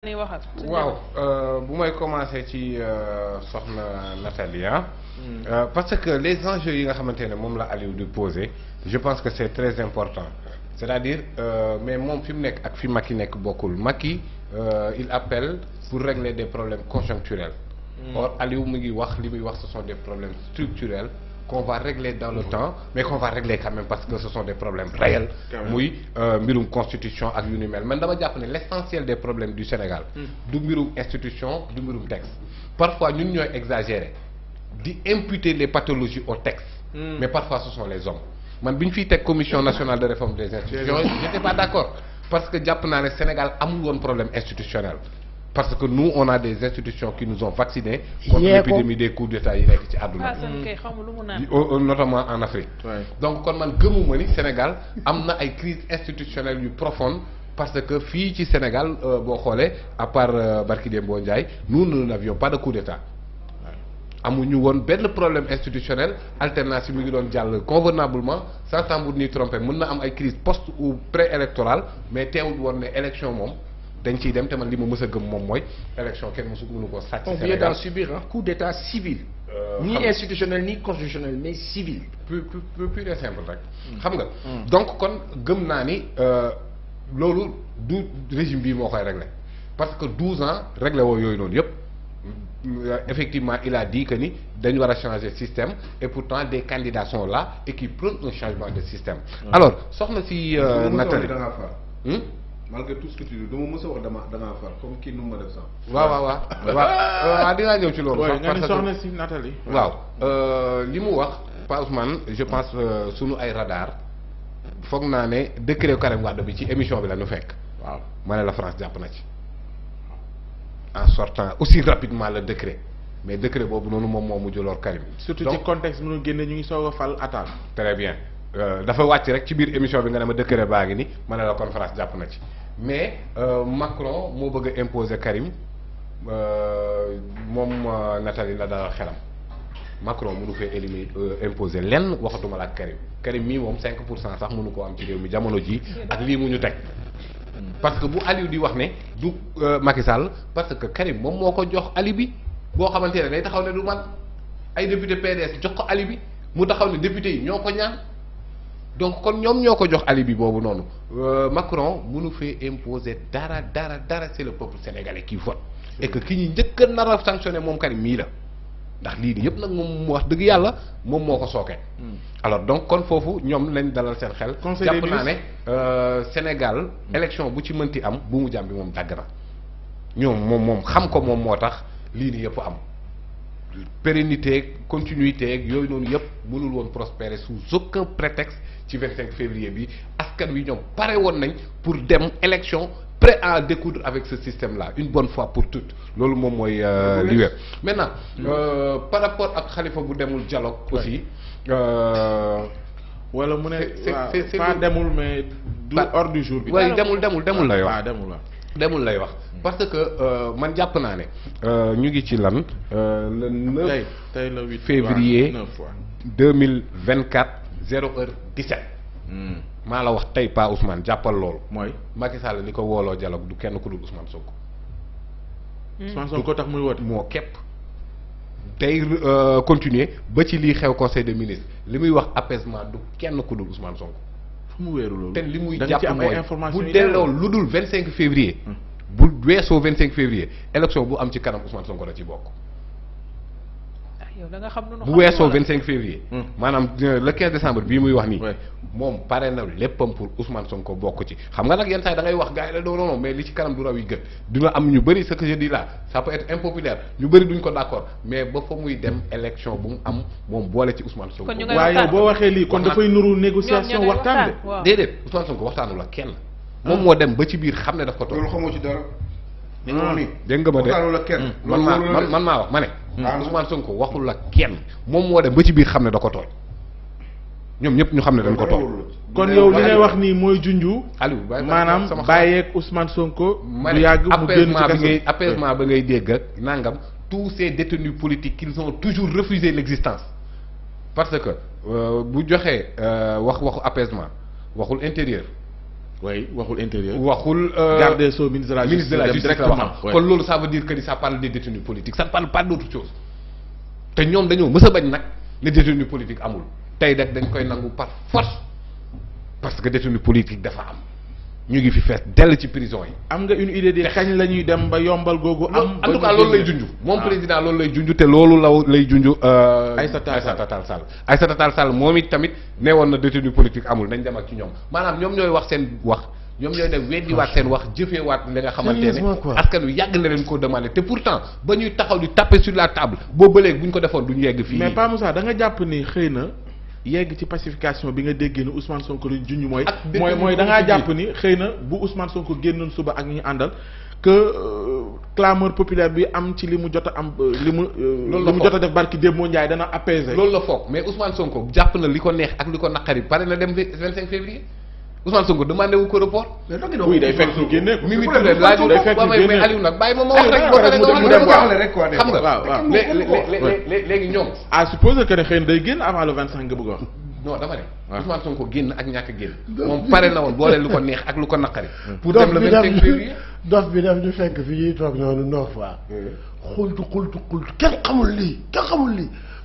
waaw euh, bu may commencer ci euh, soxna Nathalie ah. hmm. euh, parce que les enjeux yi nga xamante ne moom la Aliou du poser je pense que c'est très important c'est-à-dire euh, mais moom fi mu nekk ak fi Macky nekk bokkul Macky il appelle pour régler des problèmes conjoncturels hmm. or Aliou mu ngi wax li muy wax ce sont des problèmes structurels qu'on va régler dans le temps mais qu'on va régler quand même parce que ce sont des problèmes réels muy euh, mbirum constitution ak yu ni mel man dama jàpp ne l'essentiel des problèmes du Sénégal hmm. du mbirum institution du mbirum texte parfois ñun ñooy exagérer di imputer les pathologies au texte hmm. mais parfois ce sont les hommes man bi ñu fi teg commission nationale de réforme des institutions j'étais pas d'accord parce que jàpp naa ne Sénégal amul woon problème institutionnel parce que nous on a des institutions qui nous ont vaccinés contre l'épidémie des coups d'état yi nekk ci àdduna ah, notamment en Afrique donc kon man gëmuma ni Sénégal am na ay crise institutionnelle yu profonde parce que fii ci Sénégal euh, boo xoolee à part euh, Barki Dembo Ndiaye nous nous n'avions pas de coup d'état amuñu woon benn problème institutionnel alternance yi mu ngi doon jàll convenablement sans tambour ni trompé mën na am ay crise post ou pré-électorale mais teewul woon élection moom dañ ciy dem te man li ma mës gëm moom mooy élection kenn mësu mënu koo sàcc. Sénégal on vient d'en subir un coup d'état civil. Euh, ni institutionnel ni constitutionnel mais civil. plus de simple rek. Hmm. xam nga. Hmm. donc kon gëm naa ni euh, loolu du régime bi moo koy réglé parce que 12 ans réglé woo yooyu loolu yëpp. effectivement il a dit que ni dañu war a changer système et pourtant des candidats la là et qui prônent un changement de système. Hmm. alors soxna si euh, Nathalie. malgré tout ce que tu dis dama mës wax dama dangaa far comme kii nu ma def sax. waaw waaw waaw euh, ah, dinaa ñëw ci loolu. sax parce que soxna si Nathalie. waaw euh, li mu wax. Pa man je pense euh, sunu ay radar foog naa ne décret Karim Wade bi ci émission bi la ñu fekk. waaw ma ne la France jàpp na ci. en sortant aussi rapidement le décret mais décret boobu noonu moom moo mujj lor Karim. surtout ci contexte mënu génne ñu ngi soog a fal attaque. très bien dafa wàcc rek ci biir émission bi nga ne ma décret baa ngi ni ma ne la kon jàpp na ci. mais euh, Macron moo bëgg a imposer Karim euh, moom euh, Nathalie la dalal xelam Macron mënu fee éliminer imposer lenn waxatuma la ak Karim Karim mii moom cinq pour cent sax mënu ko am ci réew mi jamono ji ak lii mu ñu teg. parce que bu Aliou di wax ne du Macky Sall parce que Karim moom moo ko jox alibi boo xamante ne day taxaw ne du man ay député PDS jox ko ali mu taxaw ne député yi ñoo ko ñaan. donc kon ñoom ñoo ko jox alibi boobu noonu euh, Macron mënu fee imposer dara dara dara c'est le peuple sénégalais qui vote et que ki ñu njëkk a nar a sanctionné moom Karim mii la ndax lii nii yëpp nag moom mu wax dëgg yàlla moom moo ko sooke. Hmm. alors donc kon foofu ñoom lañ dalal seen xel. jàpp naa ne euh, Sénégal. Hmm. élection bu ci mënti am bu mu jàmbi moom dàgg na ñoom moom moom xam ko moom moo tax lii nii yëpp am. pérennité ak continuité ak yooyu noonu yëpp mënul woon prospérer sous aucun prétexte ci 25 février bi askan wi ñoom pare woon nañ pour dem élection près à découdre avec ce système la une bonne fois pour tout loolu moom mooy euh, li web maintenant mmh. euh, par rapport ak xalifa bu demul dialogue aussi euh, wala mu ne c'est pas demul mais du hors jour bi demul demul demul la ah, yow demul la demul lay wax parce que euh, man jàpp naa ne euh, ñu ngi ci lan euh, le 9 tey le 8 février 2024 0 heure 17 hmm. maa la wax tey Pa Ousmane jàppal loolu mooy Macky Sall ni ko wooloo dialogue du kenn ku dul Ousmane Sonko hmm. Ousmane Sonko tax muy woote moo képp tey continuer ba ci lii xew conseil des ministres li muy wax apaisement du kenn ku dul Ousmane Sonko fu mu wéeru loolu. li muy jàpp mooy bu delloo lu dul vingt cinq février. Hmm. bu weesoo 25 février élection bu am ci kanam Ousmane Sonko la ci bokk. bu weesoo 25 février. Hmm. maanaam euh, le 15 décembre bii muy wax nii. moom pare na léppam pour Ousmane Sonko bokk ci xam nga nag yenn saa da ngay wax gars yi la non non mais li ci kanam du raw yi gën dina am ñu bëri ce que je dis là ça impopulaire ñu bëri duñ ko d' mais ba fa muy dem élection bu mu am moom boole ci Ousmane Sonko. waaye boo waxee lii kon dafay nuru négociation waxtaan de. déedéet Ousmane Sonko waxtaanu la kenn. moom moo dem ba ci biir xam ne daf ko toog. loolu dégg nga ma de man maa man maa wax ma ne. maanaam Ousmane Sonko waxul la kenn moom moo dem ba ci biir xam ne da ko tooñ ñoom ñëpp ñu xam ne dañ ko tooñ kon yow li ngay wax nii mooy junju Aliou maanaam bàyyeeg Ousmane Sonko mu yàgg mu génn ci kaso bi apaisement ba ngay dégg ak nangam tous ces détenus politiques qu'ils ont toujours refusé l'existence parce que euh, bu joxee euh, wax waxu apaisement waxul intérieur waaye waxul intérieur waxul. Euh, garde des sceaux ministre de la justice directement kon loolu ça veut dire que ni ça parle des détenus politiques ça ne parle pas d' chose te ñoom dañoo mës a bañ nag ne détenu politique amul tey nag dañ koy nangu par force parce que détenu politique dafa am. ñu ngi fi fees dell ci prison yi. am nga une idée de kañ la ñuy dem ba yombal googu. am en tout cas loolu lay junj. moom ah. président loolu lay junj te loolu law lay junj. Euh, Aïssata Aïssata Tall Sall Aïssata Tall Sall moom it tamit ne woon na détenu politique amul nañ dem ak ci ñoom maanaam ñoom ñooy wax seen wax. ñoom ñooy dem weddiwaat seen wax jëfewaat li nga xamante ne askan wi yàgg na leen ko demandé te pourtant ba ñuy taxaw di taper sur la table boo bëleeg bu ñu ko defoon duñu yegg fii. mais Pa Moussa da nga jàpp ni xëy na yegg ci pacification bi nga déggee ni Ousmane Sonko lu junj mooy. mooy mooy dangaa jàpp ni xëy na bu Ousmane Sonko génnoon suba ak ñu àndal. que euh, clameur populaire bi am ci li mu jot am euh, li mu. Euh, loolu li mu jot a def barki Demba Ndiaye dana apaiser. loolu la foog mais Ousmane Sonko jàpp na li ko neex ak li ko naqari pare na dem 25 février. Ousmane Sonko demandé wu ko report. oui day fekk su génnee. mi mi tuddee laajul ko ma ah, wax rek. mu dem waaw xam nga waaw waaw léegi ñoom. à ah, supposer na day génn avant le 25 nga bëgg wax. non dama ne. waaw ah. Ousmane Sonko ak ñàkk génn. moom pare ko neex ak lu ko naqari. Hmm. pour dem le bi fekk fi ñuy toog noonu Nord Foire. Hmm. xultu xultu xultu kenn xamul lii kenn xamul lii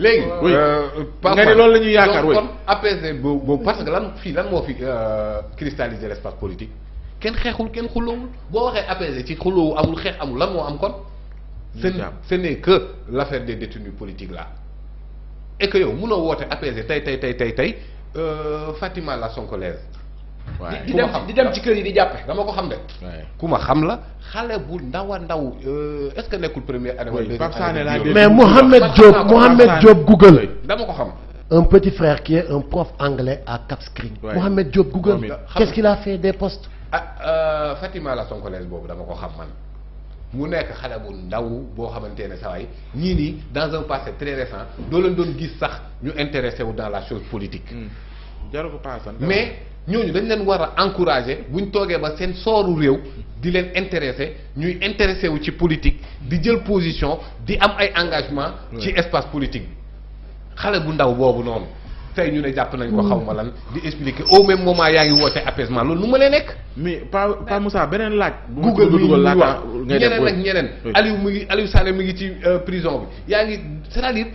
léegi euh, euh, nga ne loolu la ñuy yaakaar kon apaisé boobu parce que lan fii lan moo fi euh, cristalliser l'espace politique kenn xeexul kenn xuloowul boo waxee apaisé ci xuloowu amul xeex amul lan moo am kon ce ce n'est que l'affaire des détenus politiques la et que yow mënoo woote apaisé tey tey tey tey tey Fatima la Sonkolaise di dem di dem ci kër yi di jàppe dama ko xam ne ku ma xam la xale bu ndaw a ndaw euh, est-ce que nekkul première année wala deuxième année mais Mohamed Diop Mohamed Diop Google. dama ko xam. un petit frère qui est un prof anglais à Cap Skirring. Mohamed Diop Google. qu'est-ce a fait des postes. ah euh, Fatima la Sonkolaise boobu dama ko xam man. mu nekk xale bu ndaw boo xamante ne saa waay ñii nii dans un passé très récent doo leen doon gis sax ñu intéressé wu dans la chose politique. Hmm. jaru ko mais. ñooñu dañu leen war a encourager buñ toogee ba seen sooru réew di leen intéressé ñuy intéressé wu ci politique di jël position di am ay engagement ci espace politique bi xale bu ndaw boobu noonu tey ñu ne jàpp nañ ko mm. xam ma lan di expliquer au même moment yaa ngi woote apaisement loolu nu ma lee nekk. mais Pa Pa Moussa beneen laaj. Google mi ngi wax ñeneen ak ñeneen. Aliou mi ngi Aliou Sané mi ngi ci euh, prison bi yaa ngi c'est-à-dire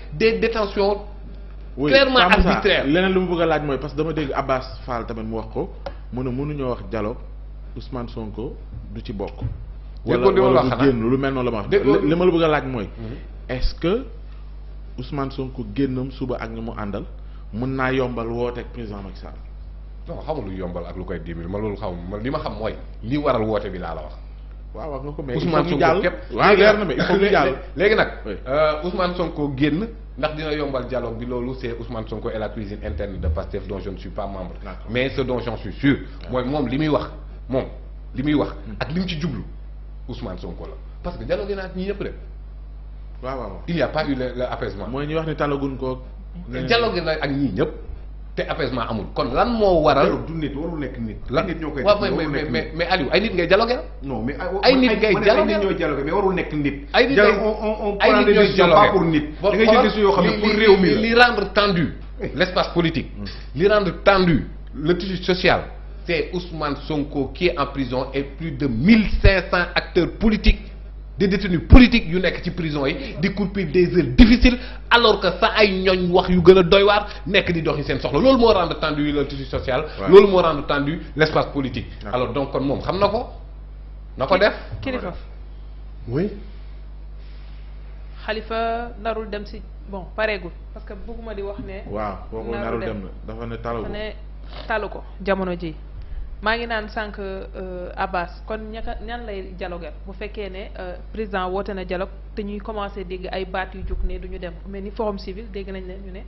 clairement arbitraire leneen lu mu bëgg a laaj mooy parce que dama dégg Abbas Fall tamit mu wax ko mu ne ñoo wax dialogue Ousmane Sonko du ci bokk. wala wala lu mel noonu ma wax. li la bëgg a laaj mooy. Mhm. est-ce que suba ak ñu mu àndal mën naa yombal wooteeg président Macky Sall. non xamul lu yombal ak lu koy dimbali man loolu xam man li ma xam mooy li waral woote bi laa la wax. waaw wax nga ko mais Ousmane Sonko képp ah, léegi nag euh, Ousmane Sonko génn. ndax dina yombal dialogue bi loolu c'est Ousmane Sonko et la cuisine interne de PASTEF dont je ne suis membre mais ce dont j'en suis sûr moom li muy wax moom li muy wax hmm. ak li mu ci jublu Ousmane Sonko la parce que dialogue naa ñi ñëpp de waaw waaw il y a pas eu le apaisement mooy ñi wax ni talaguñ ko dialogue na ak ñii ñëpp te apaisement amul kon lan moo waral. du nit warul nekk nit. lan nit ñoo koy mais mais mais Aliou ay nit ngay dialogué non mais ay nit ngay dialogué mais warul nekk nit. ay nit on on prend des décisions pas pour nit. da ngay jël décision yoo xam ne pour réew mi la li rendre tendu l'espace politique. Mm. li rendre tendu le tissu social. c'est Ousmane Sonko qui est en prison et plus de 1500 acteurs politiques. des détenus politiques yu nekk ci prison yi di couper des heures difficiles alors que sa ay ñooñ wax yu gën a doy waar nekk di doxi seen soxla loolu moo rendre tendu le tissu social loolu moo rendre tendu l'espace politique alors donc kon moom xam na ko na ko def kilifa oui xalifa narul dem si bon pareegul parce que bëgguma di wax ne waaw boobu narul dem la dafa ne talu ne talu ko jamono ji maa ngi naan sànq euh, Abbas kon ñaka ñan lay dialogue bu fekkee ne euh, président woote na jalog te ñuy commencé dégg ay baat yu jóg ne du ñu dem mais ni forum civil dégg nañ leen ñu ne.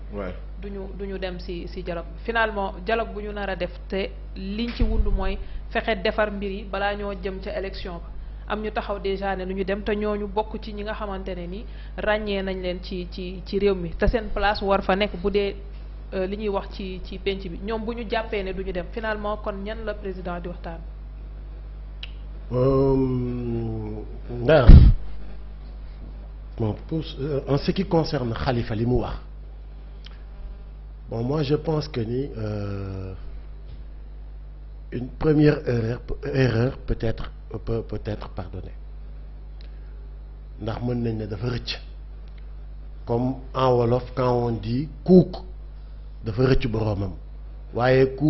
du ñu du ñu dem ci ci dialogue finalement dialogue bu ñu nar a def te liñ ci wund mooy fexe defar mbir yi balaa ñoo jëm ca élection ba am ñu taxaw déjà ne du ñu dem te ñu bokk ci ñi nga xamante ne ni ràññee nañ leen ci ci ci réew mi te seen place war fa nekk bu dee. Euh, li ñuy wax ci ci penc bi ñoom bu ñu jàppee ne du ñu dem finalement kon ñan la président di waxtaan. Euh, ndax bon pour euh, en ce qui concerne Khalifa li mu wax bon moi je pense que ni euh, une première erreur peut être peut peut être pardonnée ndax mën nañ ne dafa rëcc comme en wolof quand on dit kuuk. dafa rëcc boroomam waaye ku